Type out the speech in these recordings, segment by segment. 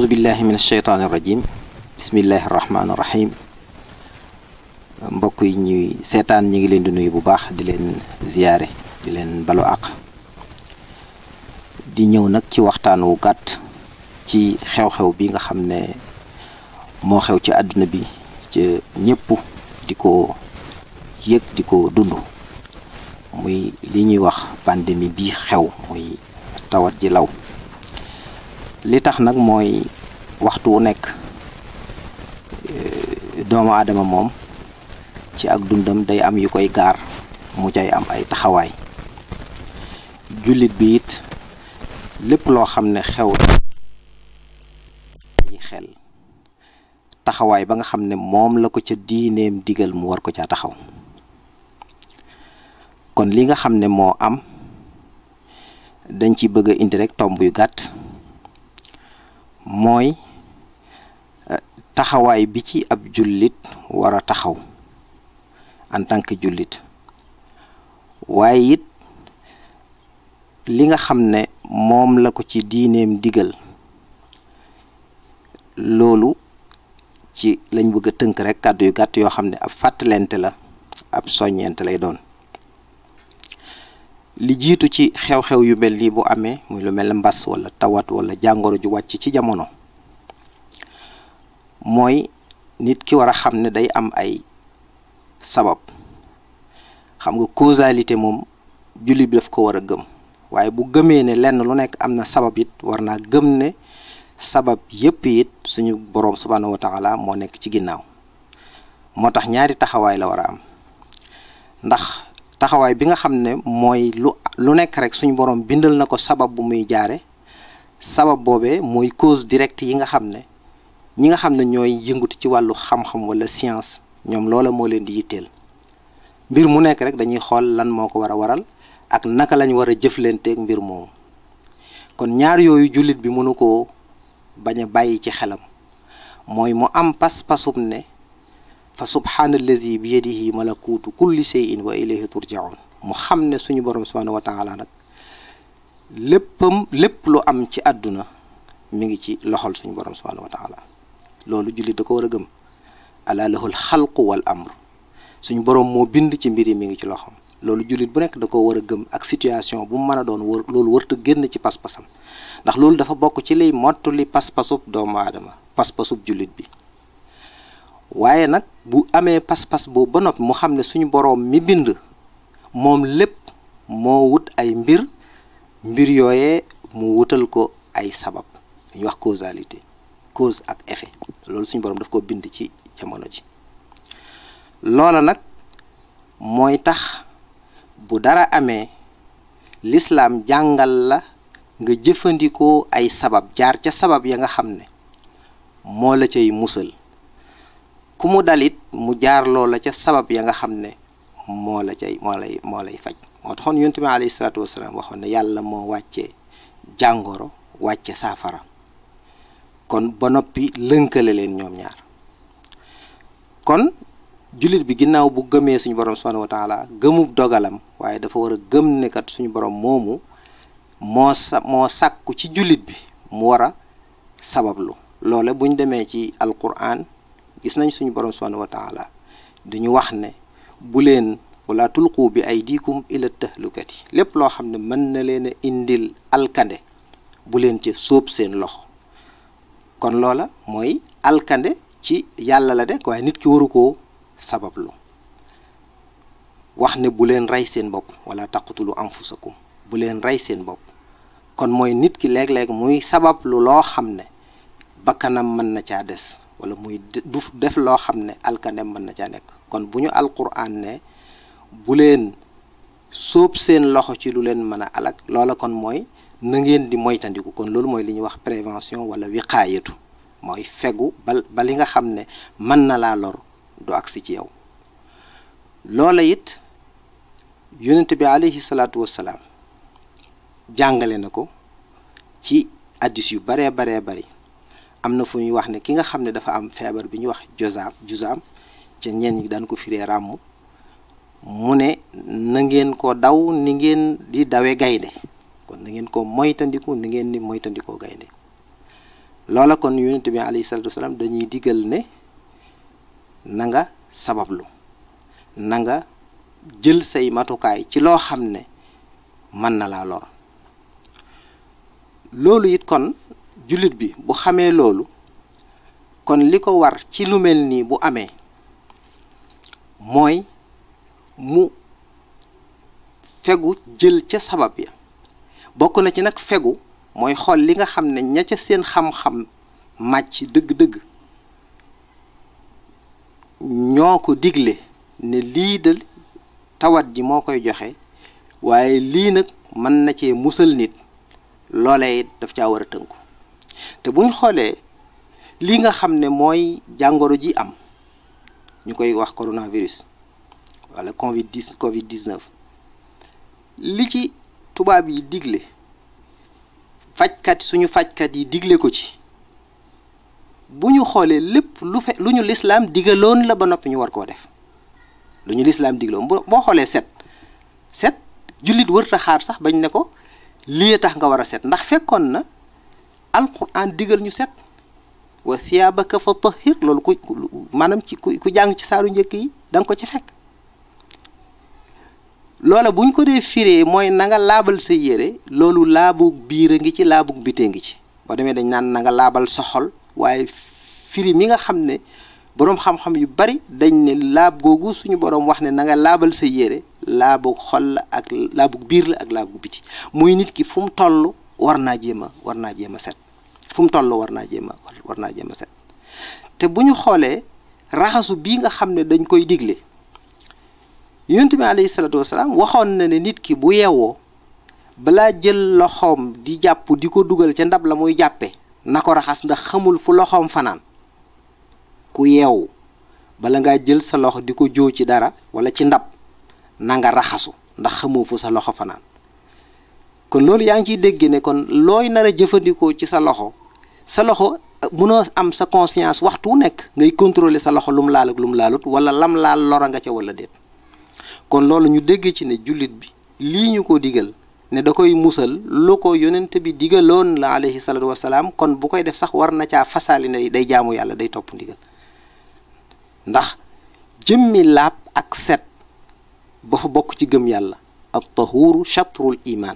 أعوذ بالله من الشيطان الرجيم بسم الله الرحمن الرحيم mbokk yi ñuy seetaan ñu ngi leen di nuyu bu baax di leen ziyaare di leen balo àq di ñëw nag ci waxtaan wu gàtt ci xew-xew bi nga xam ne moo xew ci àdduna bi ci ñépp di ko yëg di ko dund muy li ñuy wax pandémie bi xew muy tawat ji law li tax nag mooy waxtu wu nekk euh, doomu aadama moom ci ak dundam day am yu koy gaar mu cay am ay taxawaay jullit bi it lépp loo xam ne xew yi xel taxawaay ba nga xam ne moom la ko ca diineem digal mu war ko caa taxaw kon li nga xam ne moo am dañ ci bëgg a indi rek tomb yu gàtt mooy eh, taxawaay bi ci ab jullit war a taxaw en tant que jullit waaye it li nga xam ne moom la ko ci diineem digal loolu ci lañ bëgg a tënk rek kàddu yu gàtt yoo xam ne ab fàttalente la ab soññeente lay doon li jiitu ci xew-xew yu mel nii bu amee muy lu mel ne mbas wala tawat wala jàngoro ju wàcc ci jamono mooy nit ki war a xam ne day am ay sabab xam nga causalité moom jullit bi daf ko war a gëm waaye bu gëmee ne lenn lu nekk am na sabab it war naa gëm ne sabab yépp it suñu boroom subhaanahu wa moo nekk ci ginnaaw moo tax ñaari taxawaay la war a am ndax taxawaay bi nga xam ne mooy lu lu nekk rek suñu borom bindal na ko sabab bu muy jaare sabab boobe mooy couse direct yi nga xam ne ñi nga xam ne ñooy yëngutu ci wàllu xam-xam wala science ñoom loola moo leen di yitteel mbir mu nekk rek dañuy xool lan moo ko war a waral ak naka lañu war a jëflanteeg mbir moomu kon ñaar yooyu jullit bi mënu koo bañ a bàyyi ci xelam mooy mu am pas-pasum ne fa subhaanallazi bi yadihi malakuutu kulli shay'in wa ilayhi turjaun mu xam ne suñu borom subhaanahu wa taala nag léppam lépp lu am ci àdduna mu ngi ci loxol suñu borom subhaanahu wa taala loolu jullit da ko war a gëm ala lahul xalqu wal amr suñu borom moo bind ci mbir yi mi ngi ci loxom loolu jullit bu nekk da ko war gëm ak situation bu mu mën a doon wër loolu wërta génn ci pas-pasam ndax loolu dafa bokk ci liy mottali pas-pasub doomu aadama pas-pasub jullit bi waaye nag bu amee pas-pas boobu ba noppi mu xam ne suñu boroom mi bind moom lépp moo wut ay mbir mbir yooyee mu wutal ko ay sabab dañuy wax causalité cause ak effet loolu suñ boroom daf ko bind ci jamono ji loola nag mooy tax bu dara amee lislaam jàngal la nga jëfandikoo ay sabab jaar ca sabab ya nga xam ne moo la cay musal ku mu dalit mu jaar loola ca sabab ya nga xam ne moo la cay moo lay moo lay faj moo taxoon yonent bi alayhi salaatu waxoon ne yàlla moo wàcce jàngooro wàcce saafara kon ba noppi lënkale leen ñoom ñaar kon jullit bi ginnaaw bu gëmee suñu borom subhanahu wa taala gëmub dogalam waaye dafa war a gëm ne suñu boroom moomu moo sa moo sàkku ci jullit bi mu war a sabablu loole buñ demee ci alquran gis nañ suñu borom subhanahu wa taala dañu wax ne bu leen wala tulqu bi aydikum ila tahlukati lépp loo xam ne mën na leen indil alkande bu leen ca sóob seen loxo kon loola mooy alkande ci yàlla la dekk waaye nit ki waru koo sabablu wax ne bu leen rey seen bopp wala taqtulu anfusakum bu leen rey seen bopp kon mooy nit ki léeg-léeg muy sabablu loo xam ne bakkanam mën na caa des wala muy du def loo xam ne alkanem mën na caa nekk kon bu ñu alquran ne bu leen sóob seen loxo ci lu leen mën a alak loola kon mooy na ngeen di moytandiku kon loolu mooy li ñuy wax prévention wala wiqaayatu mooy fegu ba ba li nga xam ne mën na laa lor du agsi ci yow loola it yonent bi alayhi salaatu wassalaam jàngale na ko ci addis yu baree baree bari am na fu ñuy wax ne ki nga xam ne dafa am feebar bi ñuy wax josaam jusaam ci ñenn ñi daan ko firee ràmm mu ne na ngeen ko daw ni ngeen di dawe gaynde kon na ngeen ko moytandiku ni ngeen di moytandikoo gaynde loola kon yonent bi alayhi salatu wasalaam dañuy digal ne nanga sabablu na nga jël say matukaay ci loo xam ne mën na laa lor loolu it kon jullit bi bu xamee loolu kon li ko war ci lu mel nii bu amee mooy mu fegu jël ca sabab ya bokk na ci nag fegu mooy xool li nga xam ne ña ca seen xam-xam màcc dëgg-dëgg ñoo ko digle ne lii de tawat ji moo koy joxe waaye lii nag mën na cee musal nit loolee daf caa war a tënku te buñ xoolee li nga xam ne mooy jàngoro ji am ñu koy wax coronavirus walla covid 10 covid 19 li ci tubaab yi digle fajkat suñu fajkat yi digle ko ci bu ñu xoolee lépp lu fe lu ñu lislaam digaloon la ba noppi ñu war koo def lu ñu lislaam digaloon boo xoolee set set jullit wërta xaar sax bañ ne ko lii tax nga war a set ndax fekkoon na alquran digal ñu set wa thiyaabaka fa tahhir loolu ku maanaam ci ku jàng ci saaru njëkk yi danga ko ci fekk loola buñ ko dee firee mooy nanga laabal sa yére loolu laabug biir a ngi ci laabug bitee ngi ci boo demee dañ naan nanga laabal sa xol waaye firi mi nga xam ne boroom xam-xam yu bari dañ ne laab googu suñu boroom wax ne nanga laabal sa yére laabug xol la ak laabug biir la ak laabug biti muy nit ki fu mu toll war naa jéem a war naa jéem a set fu mu toll war naa jéem a war naa jéem a set te bu ñu xoolee raxasu bii nga xam ne dañ koy digle yonent bi alayhi salaatu wasalaam waxoon na ne nit ki bu yeewoo balaa jël loxoom di jàpp di ko dugal ca ndab la muy jàppe na ko raxas ndax xamul fu loxoom fanaan ku yeewu bala ngaa jël sa loxo di ko jóo ci dara wala ci ndab na nga raxasu ndax xamoo fu sa loxo fanaan kon loolu yaa ngi ciy dégg ne kon looy nar a jëfandikoo ci sa loxo sa loxo euh, noo am sa conscience waxtu wu nekk ngay contrôler sa loxo lum laal ak lum laalut wala lam laal lora nga ca wala déet kon loolu ñu dégg ci ne jullit bi lii ñu ko digal ne da koy musal lu ko yonent bi digaloon la alayhi salaatu kon bu koy def sax war na caa fasaali ne day jaamu yàlla day topp ndigal ndax jëmmi laab ak set ba fa bokk ci gëm yàlla at tahuuru chatrul iman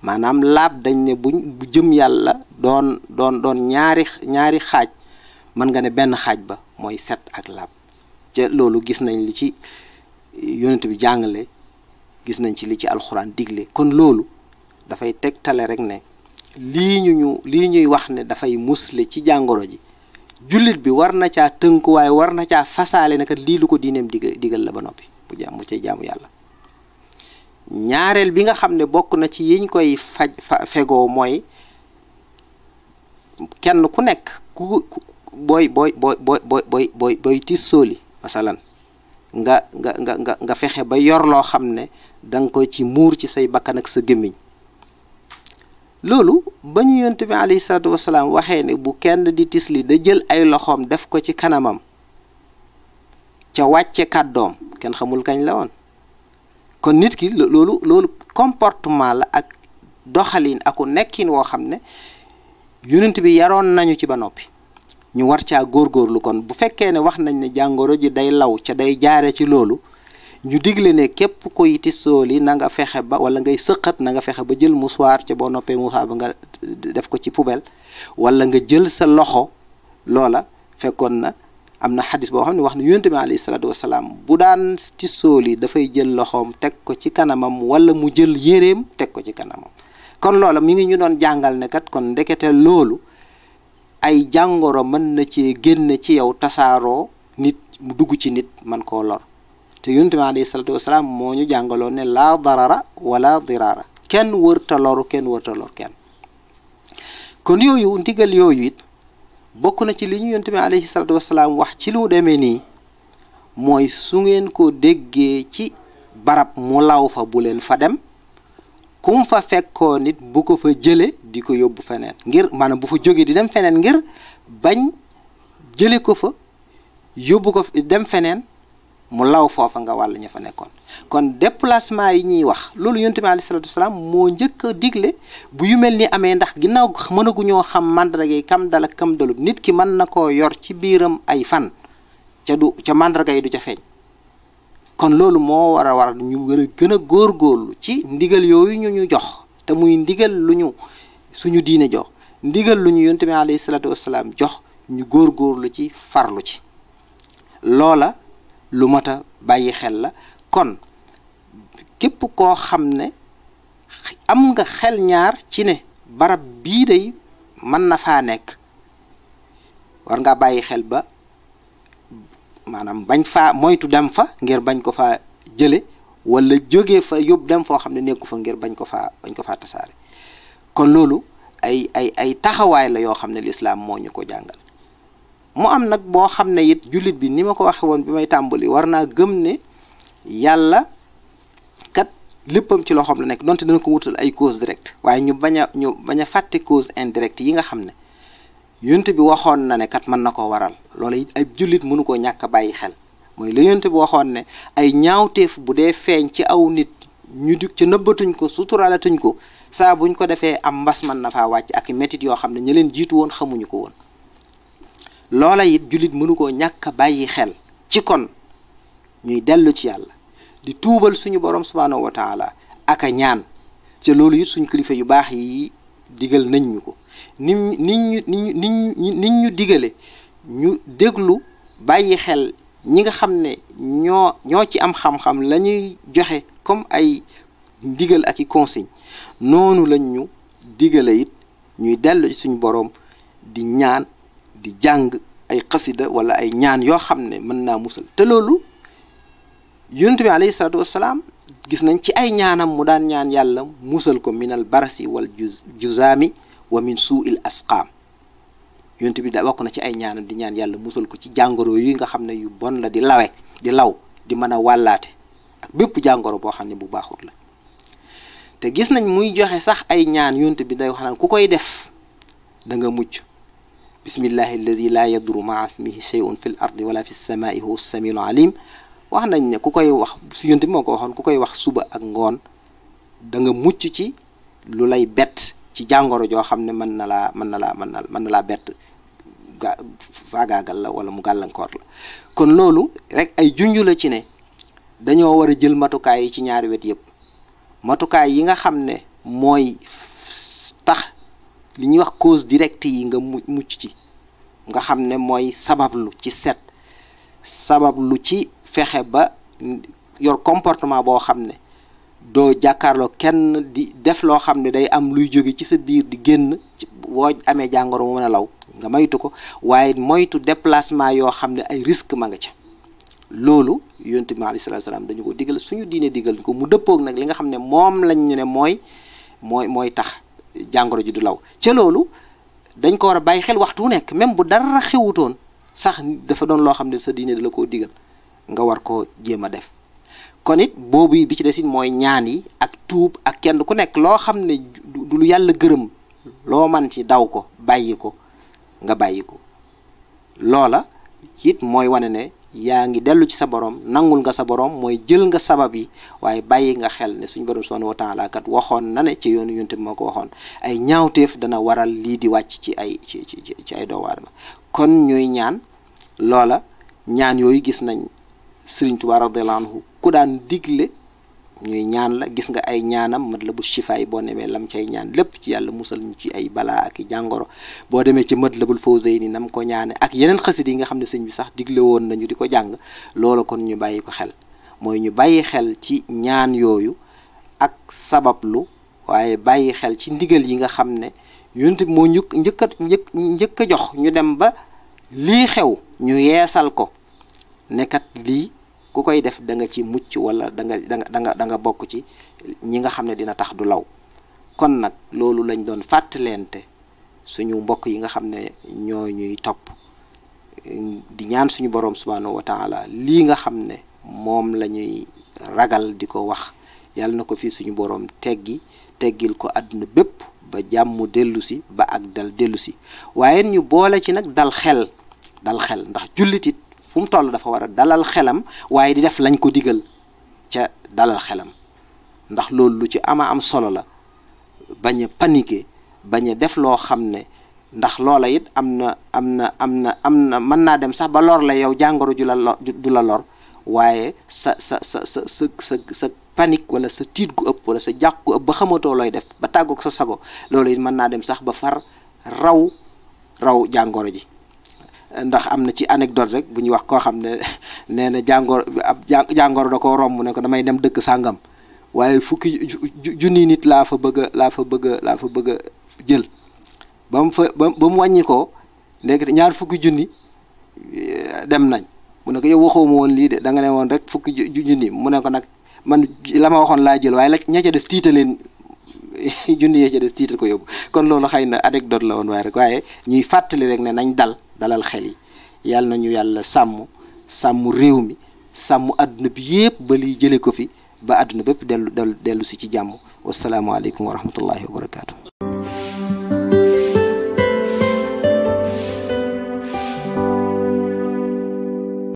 maanaam laab dañ ne buñ bu jëm yàlla doon doon doon ñaari ñaari xaaj mën nga ne benn xaaj ba mooy set ak laab ca loolu gis nañ li ci yonent bi jàngale gis nañ ci li ci alxuraan digle kon loolu dafay tegtale rek ne lii ñu ñu lii ñuy wax ne dafay mus le ci jàngoro ji jullit bi war na caa tënk war na caa fasaale ne kat lii lu ko diineem digal digal la ba noppi bu jàmm mu cay jaamu yàlla ñaareel bi nga xam ne bokk na ci yiñ koy faj fegoo mooy kenn ku nekk ku booy booy booy booy booy booy booy tis nga nga nga nga fexe ba yor loo xam ne danga nga ko ci muur ci say bakkan ak sa gémmiñ loolu ba ñu yonte bi alayhi salaatu waxee ne bu kenn di tisli da jël ay loxoom def ko ci kanamam ca wàcce kàddoom kenn xamul kañ la woon kon nit ki loolu loolu comportement la ak doxalin aku nekkin woo xam ne yonent bi yaroon nañu ci ba noppi ñu war caa góorgóorlu kon bu fekkee ne wax nañ ne jàngoro ji day law ca day jaare ci loolu ñu digle ne képp kuy tisool yi na nga fexe ba wala ngay sëqat na nga fexe ba jël musuwaar ca boo noppee musuwaar ba nga def ko ci poubelle walla nga jël sa loxo loola fekkoon na am na xadis boo xam ne wax na yonent bi alayhi salaatu wasalaam bu daan ci sóol dafay jël loxoom teg ko ci kanamam walla mu jël yéreem teg ko ci kanamam kon loola mi ngi ñu doon jàngal ne kat kon ndekete loolu ay jàngoro mën na ci génn ci yow tasaaroo nit mu dugg ci nit man koo lor te yonent bi alayhi salaatu wasalaam moo ñu jàngaloon ne laa darara wala diraara kenn wërta loru kenn wërta lor kenn kon yooyu ndigal yooyu it bokk na ci li ñu yonent bi alayhi salaatu wasalaam wax ci lu demee nii mooy su ngeen ko déggee ci barab mu law fa bu leen fa dem kum fa fekkoo nit bu ko fa jële di ko yóbbu feneen ngir maanaam bu fa jógee di dem feneen ngir bañ jële ko fa yóbbu ko dem feneen mu law foofa nga wàll ña fa nekkoon kon déplacement yi ñuy wax loolu yonent bi alayhi salaatu wasalaam moo njëkk a digle bu yu mel ni amee ndax ginnaaw mënaguñoo xam mandarga yi kam dal kam dalul nit ki mën na koo yor ci biiram ay fan ca du ca mandarga yi du ca feeñ kon loolu moo war a war ñu war a gën a góor góorlu ci ndigal yooyu ñu ñu jox te muy ndigal lu ñu suñu diine jox ndigal lu ñu yonent bi alayhi salaatu wasalaam jox ñu góorgóorlu ci farlu ci loola lu mat a bàyyi xel la kon képp koo xam ne am nga xel ñaar ci ne barab bii day mën na faa nekk war ngaa bàyyi xel ba maanaam bañ faa moytu dem fa ngir bañ ko faa jële wala jóge fa yóbbu dem foo xam ne nekku fa ngir bañ ko faa bañ ko faa tasaare kon loolu ay ay ay taxawaay la yoo xam ne lislaam moo ñu ko jàngal mu am nag boo xam ne it jullit bi ni ma ko waxee woon bi may tàmbali war naa gëm ne yàlla kat léppam ci loxoom la nekk donte dana ko wutal ay cause directe waaye ñu bañ ñu bañ fàtte cause indirecte yi nga xam ne yonent bi waxoon na ne kat mën na ko waral loolu ay jullit mënu koo ñàkk a bàyyi xel mooy la yonent bi waxoon ne ay ñaawteef bu dee feeñ ci aw nit ñu di ci nëbbatuñ ko suturaalatuñ ko saa buñ ko defee am mbas man na faa wàcc ak métit yoo xam ne ña leen jiitu woon xamuñu ko woon loola it jullit mënu koo ñàkk bàyyi xel ci kon ñuy dellu ci yàlla di tuubal suñu borom subhaanahu wa taala ak a ñaan te loolu it suñ kilifa yu baax yi digal nañ ñu ko ni ñu niñ ñu digale ñu déglu bàyyi xel ñi nga xam ne ñoo ñoo ci am xam-xam la joxe comme ay digal ak i consigne noonu lañ ñu digale it ñuy dellu suñu borom di ñaan di jàng ay xasida wala ay ñaan yoo xam ne mën naa musal te loolu yonent bi alayhi salaatu wassalaam gis nañ ci ay ñaanam mu daan ñaan yàlla musal ko minal barasi wal juzaami wa min suu il asqaam yonent bi da bokk na ci ay ñaanam di ñaan yàlla musal ko ci jàngoro yi nga xam ne yu bon la di lawe di law di mën a wàllaate ak bépp jàngoro boo xam ne bu baaxut la te gis nañ muy joxe sax ay ñaan yonent bi day wax naan ku koy def danga nga mucc bismillahi allazi laa yaduru maa ismihi shay'un fi l ardi wala fi samaai huwa samiul alim wax nañ ne ku koy wax su moo ko waxoon ku koy wax suba ak ngoon danga mucc ci lu lay bett ci jàngoro joo xam ne mën na laa mën na laa mën na mën na laa bett ga faagaagal la wala mu gàllankoor la kon loolu rek ay junju la ci ne dañoo war a jël matukaay yi ci ñaari wet yëpp matukaay yi nga xam ne mooy li ñuy wax cause directe yi nga mu mucc ci nga xam ne mooy sabablu ci set sabablu ci fexe ba yor comportement boo xam ne doo jàkkaarloo kenn di def loo xam ne day am luy jóge ci sa biir di génn boo amee jàngoro mu mën a law nga moytu ko waaye moytu déplacement yoo xam ne ay risque ma nga ca loolu yonent bi alayhi salaatu salaam dañu ko digal suñu diine digal ko mu dëppoog nag li nga xam ne moom lañ ñu ne mooy mooy mooy tax jàngoro ji du law ca loolu dañ ko war a bàyyi xel waxtu wu nekk même bu dara xewutoon sax dafa doon loo xam ne sa diine dala koo digal nga war koo jéem a def kon it boobu bi ci desin mooy ñaan yi ak tuub ak kenn ku nekk loo xam ne du lu yàlla gërëm loo man ci daw ko bàyyi ko nga bàyyi ko loola it mooy wane ne yaa ngi dellu ci sa borom nangul nga sa borom mooy jël nga sabab yi waaye bàyyi nga xel ne suñu borom subhanahu wa taala kat waxoon na ne ci yoonu yonte bi moo ko waxoon ay ñaawteef dana waral lii di wàcc ci ay ci ci ci ay doomu kon ñooy ñaan loola ñaan yooyu gis nañ Sëriñ Tuubaa radiyallaahu anhu ku daan digle ñuy ñaan la gis nga ay ñaanam mët la bu shifaay boo nemee lam cay ñaan lépp ci yàlla musal ñu ci ay balaa ak i jàngoro boo demee ci mët la bul fawzayni nam ko ñaane ak yeneen xasit yi nga xam ne sëñ bi sax digle woon nañu di ko jàng loola kon ñu bàyyi ko xel mooy ñu bàyyi xel ci ñaan yooyu ak sabab lu waaye bàyyi xel ci ndigal yi nga xam ne yonent moo njëkk njëkk a njëkk a jox ñu dem ba lii xew ñu yeesal ko nekkat lii ku koy def danga ci mucc wala danga nga da nga da nga bokk ci ñi nga xam ne dina tax du law kon nag loolu lañ doon fàttalente suñu mbokk yi nga xam ne ñoo ñuy topp di ñaan suñu borom subhanahu wa taala lii nga xam ne moom la ñuy ragal di ko wax yàlla na ko fii suñu borom teggi teggil ko àdduna bépp ba jàmm dellu si ba ak dal dellu si waaye ñu boole ci nag dal xel dal xel ndax jullitit fu mu toll dafa war a dalal xelam waaye di def lañ ko digal ca dalal xelam ndax loolu lu ci ama am solo la bañ a paniquer bañ def loo xam ne ndax loola it am na am na am na am na mën naa dem sax ba lor la yow jàngoro ju la lor la lor waaye sa sa sa sa sa sa sa panique wala sa tiit ku ëpp wala sa jàq ëpp ba xamatoo looy def ba tàggoog sa sago loolu it mën naa dem sax ba far raw raw jàngoro ji ndax am na ci anecdote rek bu ñuy wax koo xam ne nee na jàngoor ab jàngoor da ko romb ne ko damay dem dëkk sàngam waaye fukki junni nit laa fa bëgg laa fa bëgg laa fa bëgg jël ba mu fa ba mu wàññi ko ndekete ñaar fukki junni eh, dem nañ mu ne ko yow waxoo ma woon lii de da ne woon rek fukki junni mu ne ko nag man la ma waxoon laa jël waaye la ña des tiita leen junni ya ca des tiital ko yóbbu kon loolu xëy na anecdote la woon waaye rek waaye ñuy fàttali rek ne nañ dal dalal xel yi yàlla nañu yàlla sàmm sàmm réew mi sàmm àdduna bi yépp ba liy jëlee ko fi ba àdduna bépp dellu dellu dellu si ci jàmm wasalaamualeykum wa rahmatullahi wa